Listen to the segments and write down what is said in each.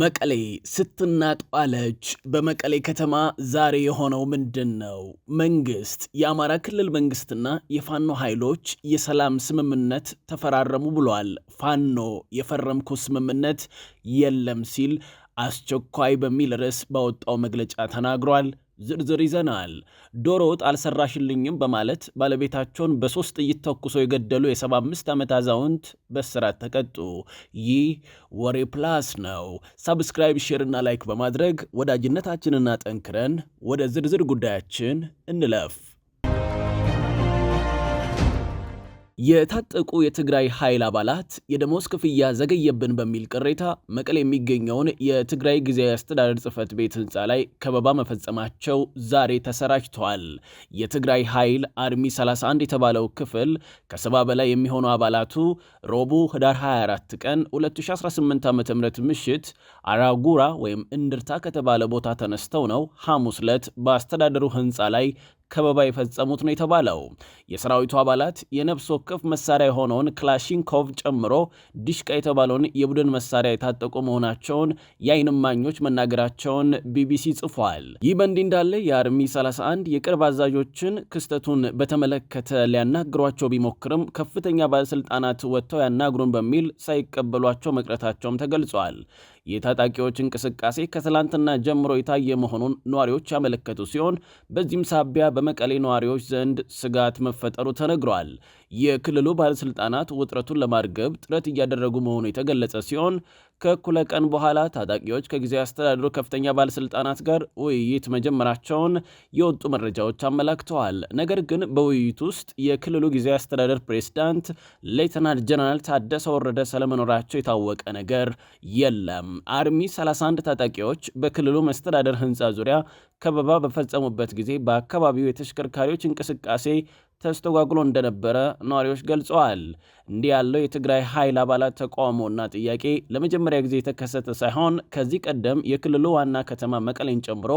መቀሌ ስትናጥ ዋለች። በመቀሌ ከተማ ዛሬ የሆነው ምንድን ነው? መንግስት የአማራ ክልል መንግስትና የፋኖ ኃይሎች የሰላም ስምምነት ተፈራረሙ ብሏል። ፋኖ የፈረምኩ ስምምነት የለም ሲል አስቸኳይ በሚል ርዕስ ባወጣው መግለጫ ተናግሯል። ዝርዝር ይዘናል። ዶሮ ወጥ አልሰራሽልኝም በማለት ባለቤታቸውን በሶስት ጥይት ተኩሰው የገደሉ የ75 ዓመት አዛውንት በስራት ተቀጡ። ይህ ወሬ ፕላስ ነው። ሳብስክራይብ፣ ሼርና ላይክ በማድረግ ወዳጅነታችንን አጠንክረን ወደ ዝርዝር ጉዳያችን እንለፍ። የታጠቁ የትግራይ ኃይል አባላት የደሞዝ ክፍያ ዘገየብን በሚል ቅሬታ መቀሌ የሚገኘውን የትግራይ ጊዜያዊ አስተዳደር ጽህፈት ቤት ህንፃ ላይ ከበባ መፈጸማቸው ዛሬ ተሰራጭተዋል። የትግራይ ኃይል አርሚ 31 የተባለው ክፍል ከሰባ በላይ የሚሆኑ አባላቱ ሮቡ ህዳር 24 ቀን 2018 ዓ ም ምሽት አራጉራ ወይም እንድርታ ከተባለ ቦታ ተነስተው ነው ሐሙስ ዕለት በአስተዳደሩ ህንፃ ላይ ከበባ የፈጸሙት ነው የተባለው። የሰራዊቱ አባላት የነፍስ ወከፍ መሳሪያ የሆነውን ክላሽንኮቭ ጨምሮ ዲሽቃ የተባለውን የቡድን መሳሪያ የታጠቁ መሆናቸውን የዓይን እማኞች መናገራቸውን ቢቢሲ ጽፏል። ይህ በእንዲህ እንዳለ የአርሚ 31 የቅርብ አዛዦችን ክስተቱን በተመለከተ ሊያናግሯቸው ቢሞክርም ከፍተኛ ባለስልጣናት ወጥተው ያናግሩን በሚል ሳይቀበሏቸው መቅረታቸውም ተገልጿል። የታጣቂዎች እንቅስቃሴ ከትላንትና ጀምሮ የታየ መሆኑን ነዋሪዎች ያመለከቱ ሲሆን በዚህም ሳቢያ በመቀሌ ነዋሪዎች ዘንድ ስጋት መፈጠሩ ተነግሯል። የክልሉ ባለስልጣናት ውጥረቱን ለማርገብ ጥረት እያደረጉ መሆኑ የተገለጸ ሲሆን ከእኩለ ቀን በኋላ ታጣቂዎች ከጊዜ አስተዳደሩ ከፍተኛ ባለስልጣናት ጋር ውይይት መጀመራቸውን የወጡ መረጃዎች አመላክተዋል። ነገር ግን በውይይቱ ውስጥ የክልሉ ጊዜ አስተዳደር ፕሬዚዳንት ሌተናል ጀነራል ታደሰ ወረደ ስለመኖራቸው የታወቀ ነገር የለም። አርሚ 31 ታጣቂዎች በክልሉ መስተዳደር ህንፃ ዙሪያ ከበባ በፈጸሙበት ጊዜ በአካባቢው የተሽከርካሪዎች እንቅስቃሴ ተስተጓጉሎ እንደነበረ ነዋሪዎች ገልጸዋል። እንዲህ ያለው የትግራይ ኃይል አባላት ተቃውሞና ጥያቄ ለመጀመሪያ ጊዜ የተከሰተ ሳይሆን ከዚህ ቀደም የክልሉ ዋና ከተማ መቀሌን ጨምሮ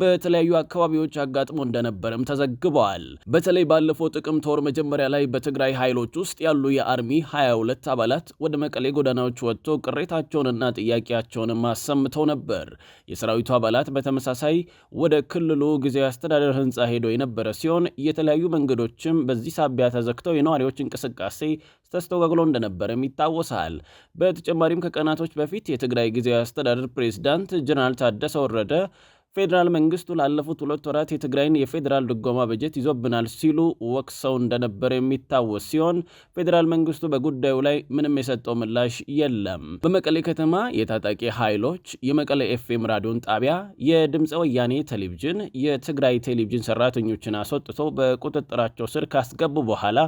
በተለያዩ አካባቢዎች አጋጥሞ እንደነበርም ተዘግበዋል። በተለይ ባለፈው ጥቅምት ወር መጀመሪያ ላይ በትግራይ ኃይሎች ውስጥ ያሉ የአርሚ 22 አባላት ወደ መቀሌ ጎዳናዎች ወጥቶ ቅሬታቸውንና ጥያቄያቸውንም አሰምተው ነበር። የሰራዊቱ አባላት በተመሳሳይ ወደ ክልሉ ጊዜያዊ አስተዳደር ህንፃ ሄዶ የነበረ ሲሆን የተለያዩ መንገዶችም በዚህ ሳቢያ ተዘግተው የነዋሪዎች እንቅስቃሴ ተስተጓጉሎ እንደነበረም ይታወሳል። በተጨማሪም ከቀናቶች በፊት የትግራይ ጊዜያዊ አስተዳደር ፕሬዚዳንት ጀነራል ታደሰ ወረደ ፌዴራል መንግስቱ ላለፉት ሁለት ወራት የትግራይን የፌዴራል ድጎማ በጀት ይዞብናል ሲሉ ወቅሰው እንደነበረ የሚታወስ ሲሆን ፌዴራል መንግስቱ በጉዳዩ ላይ ምንም የሰጠው ምላሽ የለም። በመቀሌ ከተማ የታጣቂ ኃይሎች የመቀሌ ኤፍኤም ራዲዮን ጣቢያ፣ የድምፀ ወያኔ ቴሌቪዥን፣ የትግራይ ቴሌቪዥን ሰራተኞችን አስወጥቶ በቁጥጥራቸው ስር ካስገቡ በኋላ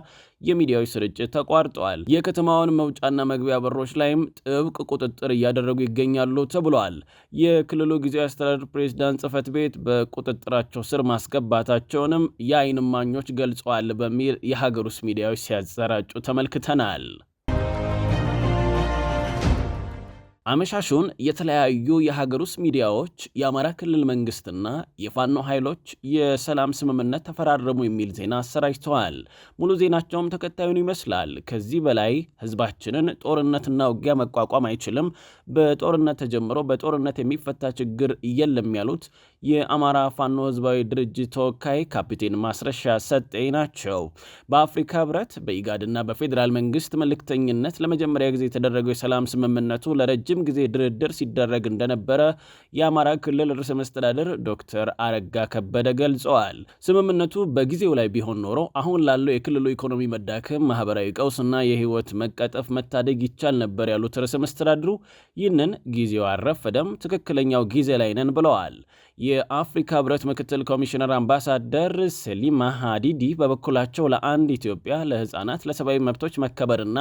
የሚዲያዎች ስርጭት ተቋርጠዋል። የከተማውን መውጫና መግቢያ በሮች ላይም ጥብቅ ቁጥጥር እያደረጉ ይገኛሉ ተብሏል። የክልሉ ጊዜያዊ አስተዳደር ፕሬዚዳንት ጽህፈት ቤት በቁጥጥራቸው ስር ማስገባታቸውንም የአይን እማኞች ገልጸዋል በሚል የሀገር ውስጥ ሚዲያዎች ሲያሰራጩ ተመልክተናል። አመሻሹን የተለያዩ የሀገር ውስጥ ሚዲያዎች የአማራ ክልል መንግስትና የፋኖ ኃይሎች የሰላም ስምምነት ተፈራረሙ የሚል ዜና አሰራጅተዋል። ሙሉ ዜናቸውም ተከታዩን ይመስላል። ከዚህ በላይ ህዝባችንን ጦርነትና ውጊያ መቋቋም አይችልም፣ በጦርነት ተጀምሮ በጦርነት የሚፈታ ችግር የለም ያሉት የአማራ ፋኖ ህዝባዊ ድርጅት ተወካይ ካፒቴን ማስረሻ ሰጤ ናቸው። በአፍሪካ ህብረት በኢጋድና በፌዴራል መንግስት መልእክተኝነት ለመጀመሪያ ጊዜ የተደረገው የሰላም ስምምነቱ ለረጅም ጊዜ ድርድር ሲደረግ እንደነበረ የአማራ ክልል ርዕሰ መስተዳደር ዶክተር አረጋ ከበደ ገልጸዋል። ስምምነቱ በጊዜው ላይ ቢሆን ኖሮ አሁን ላለው የክልሉ ኢኮኖሚ መዳከም፣ ማህበራዊ ቀውስና የህይወት መቀጠፍ መታደግ ይቻል ነበር ያሉት ርዕሰ መስተዳድሩ ይህንን ጊዜው አረፈደም፣ ትክክለኛው ጊዜ ላይ ነን ብለዋል። የአፍሪካ ህብረት ምክትል ኮሚሽነር አምባሳደር ሰሊማ ሃዲዲ በበኩላቸው ለአንድ ኢትዮጵያ ለህፃናት ለሰብአዊ መብቶች መከበርና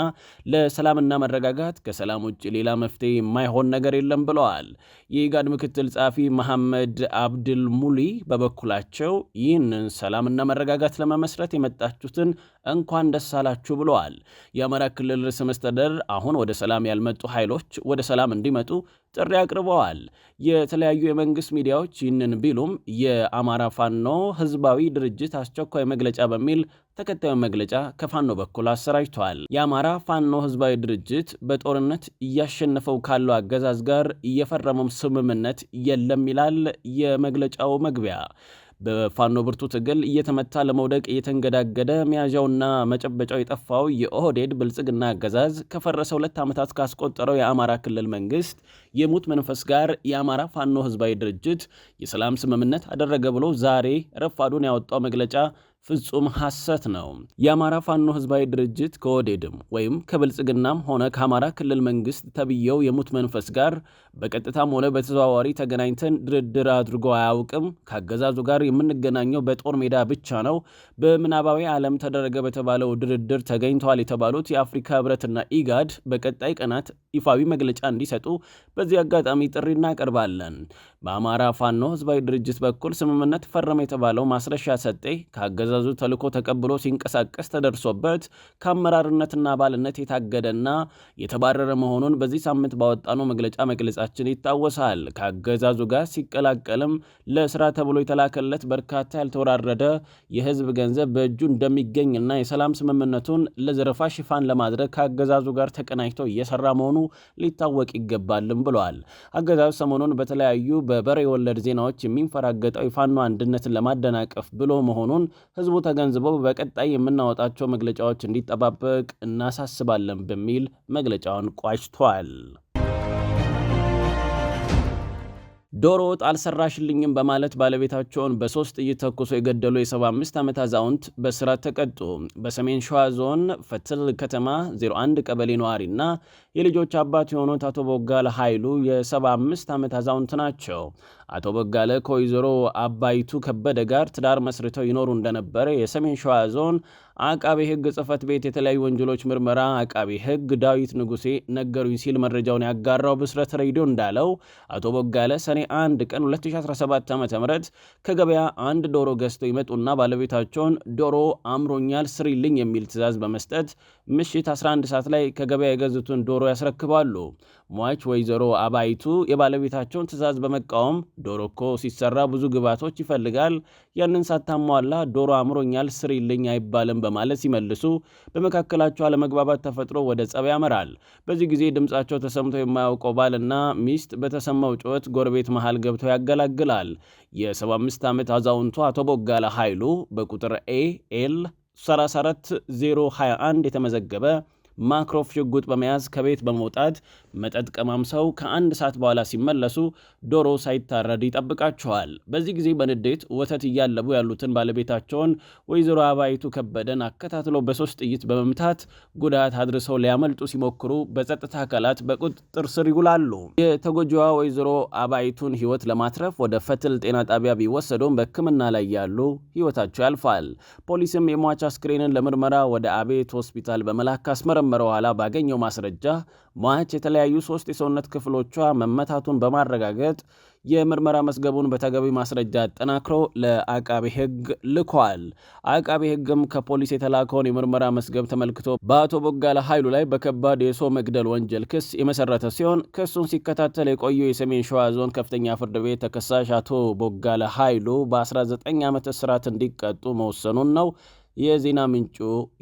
ለሰላምና መረጋጋት ከሰላም ውጭ ሌላ መፍትሄ የማይሆን ነገር የለም ብለዋል። የኢጋድ ምክትል ጸሐፊ መሐመድ አብድል ሙሊ በበኩላቸው ይህንን ሰላምና መረጋጋት ለመመስረት የመጣችሁትን እንኳን ደስ አላችሁ ብለዋል። የአማራ ክልል ርዕሰ መስተዳደር አሁን ወደ ሰላም ያልመጡ ኃይሎች ወደ ሰላም እንዲመጡ ጥሪ አቅርበዋል። የተለያዩ የመንግስት ሚዲያዎች ይህንን ቢሉም የአማራ ፋኖ ህዝባዊ ድርጅት አስቸኳይ መግለጫ በሚል ተከታዩ መግለጫ ከፋኖ በኩል አሰራጅተዋል። የአማራ ፋኖ ህዝባዊ ድርጅት በጦርነት እያሸነፈው ካለው አገዛዝ ጋር እየፈረመም ስምምነት የለም ይላል የመግለጫው መግቢያ። በፋኖ ብርቱ ትግል እየተመታ ለመውደቅ እየተንገዳገደ መያዣውና መጨበጫው የጠፋው የኦህዴድ ብልጽግና አገዛዝ ከፈረሰ ሁለት ዓመታት ካስቆጠረው የአማራ ክልል መንግስት የሙት መንፈስ ጋር የአማራ ፋኖ ህዝባዊ ድርጅት የሰላም ስምምነት አደረገ ብሎ ዛሬ ረፋዱን ያወጣው መግለጫ ፍጹም ሐሰት ነው። የአማራ ፋኖ ህዝባዊ ድርጅት ከወዴድም ወይም ከብልጽግናም ሆነ ከአማራ ክልል መንግስት ተብየው የሙት መንፈስ ጋር በቀጥታም ሆነ በተዘዋዋሪ ተገናኝተን ድርድር አድርጎ አያውቅም። ከአገዛዙ ጋር የምንገናኘው በጦር ሜዳ ብቻ ነው። በምናባዊ ዓለም ተደረገ በተባለው ድርድር ተገኝተዋል የተባሉት የአፍሪካ ህብረትና ኢጋድ በቀጣይ ቀናት ይፋዊ መግለጫ እንዲሰጡ በዚህ አጋጣሚ ጥሪ እናቀርባለን። በአማራ ፋኖ ህዝባዊ ድርጅት በኩል ስምምነት ፈረመ የተባለው ማስረሻ ሰጤ ከአገዛ የአገዛዙ ተልዕኮ ተቀብሎ ሲንቀሳቀስ ተደርሶበት ከአመራርነትና አባልነት የታገደና የተባረረ መሆኑን በዚህ ሳምንት ባወጣነው መግለጫ መግለጻችን ይታወሳል። ከአገዛዙ ጋር ሲቀላቀልም ለስራ ተብሎ የተላከለት በርካታ ያልተወራረደ የህዝብ ገንዘብ በእጁ እንደሚገኝና የሰላም ስምምነቱን ለዘረፋ ሽፋን ለማድረግ ከአገዛዙ ጋር ተቀናጅቶ እየሰራ መሆኑ ሊታወቅ ይገባልም ብለዋል። አገዛዙ ሰሞኑን በተለያዩ በበሬ ወለድ ዜናዎች የሚንፈራገጠው የፋኖ አንድነትን ለማደናቀፍ ብሎ መሆኑን ህዝቡ ተገንዝቦ በቀጣይ የምናወጣቸው መግለጫዎች እንዲጠባበቅ እናሳስባለን በሚል መግለጫውን ቋጭቷል። ዶሮ ወጥ አልሰራሽልኝም በማለት ባለቤታቸውን በሶስት ጥይት ተኩሶ የገደሉ የ75 ዓመት አዛውንት በእስራት ተቀጡ። በሰሜን ሸዋ ዞን ፈትል ከተማ 01 ቀበሌ ነዋሪና የልጆች አባት የሆኑት አቶ ቦጋለ ኃይሉ የ75 ዓመት አዛውንት ናቸው። አቶ ቦጋለ ከወይዘሮ አባይቱ ከበደ ጋር ትዳር መስርተው ይኖሩ እንደነበረ የሰሜን ሸዋ ዞን አቃቤ ሕግ ጽህፈት ቤት የተለያዩ ወንጀሎች ምርመራ አቃቤ ሕግ ዳዊት ንጉሴ ነገሩኝ ሲል መረጃውን ያጋራው ብስረት ሬዲዮ እንዳለው አቶ ቦጋለ ሰኔ 1 ቀን 2017 ዓ ም ከገበያ አንድ ዶሮ ገዝተው ይመጡና ባለቤታቸውን ዶሮ አምሮኛል ስሪልኝ የሚል ትዕዛዝ በመስጠት ምሽት 11 ሰዓት ላይ ከገበያ የገዙትን ዶሮ ያስረክባሉ። ሟች ወይዘሮ አባይቱ የባለቤታቸውን ትዕዛዝ በመቃወም ዶሮ እኮ ሲሰራ ብዙ ግብዓቶች ይፈልጋል፣ ያንን ሳታሟላ ዶሮ አምሮኛል ስሪልኝ አይባልም በማለት ሲመልሱ በመካከላቸው አለመግባባት ተፈጥሮ ወደ ጸብ ያመራል። በዚህ ጊዜ ድምፃቸው ተሰምቶ የማያውቀው ባልና ሚስት በተሰማው ጩኸት ጎረቤት መሃል ገብተው ያገላግላል። የ75 ዓመት አዛውንቱ አቶ ቦጋለ ኃይሉ በቁጥር ኤ ኤል 34021 የተመዘገበ ማክሮፍ ሽጉጥ በመያዝ ከቤት በመውጣት መጠጥ ቀማምሰው ከአንድ ሰዓት በኋላ ሲመለሱ ዶሮ ሳይታረድ ይጠብቃቸዋል። በዚህ ጊዜ በንዴት ወተት እያለቡ ያሉትን ባለቤታቸውን ወይዘሮ አባይቱ ከበደን አከታትለው በሶስት ጥይት በመምታት ጉዳት አድርሰው ሊያመልጡ ሲሞክሩ በጸጥታ አካላት በቁጥጥር ስር ይውላሉ። የተጎጂዋ ወይዘሮ አባይቱን ህይወት ለማትረፍ ወደ ፈትል ጤና ጣቢያ ቢወሰዱም በሕክምና ላይ ያሉ ህይወታቸው ያልፋል። ፖሊስም የሟች አስክሬንን ለምርመራ ወደ አቤት ሆስፒታል በመላክ አስመረመ ከመጀመረ በኋላ ባገኘው ማስረጃ ሟች የተለያዩ ሶስት የሰውነት ክፍሎቿ መመታቱን በማረጋገጥ የምርመራ መዝገቡን በተገቢ ማስረጃ አጠናክሮ ለአቃቤ ሕግ ልኳል። አቃቤ ሕግም ከፖሊስ የተላከውን የምርመራ መዝገብ ተመልክቶ በአቶ ቦጋለ ኃይሉ ላይ በከባድ የሰው መግደል ወንጀል ክስ የመሰረተ ሲሆን ክሱን ሲከታተል የቆየው የሰሜን ሸዋ ዞን ከፍተኛ ፍርድ ቤት ተከሳሽ አቶ ቦጋለ ኃይሉ በ19 ዓመት እስራት እንዲቀጡ መወሰኑን ነው የዜና ምንጩ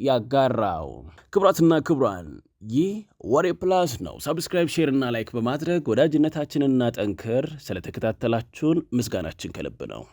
ያጋራው። ክቡራትና ክቡራን ይህ ወሬ ፕላስ ነው። ሳብስክራይብ፣ ሼር እና ላይክ በማድረግ ወዳጅነታችንን እናጠንክር። ስለተከታተላችሁን ምስጋናችን ከልብ ነው።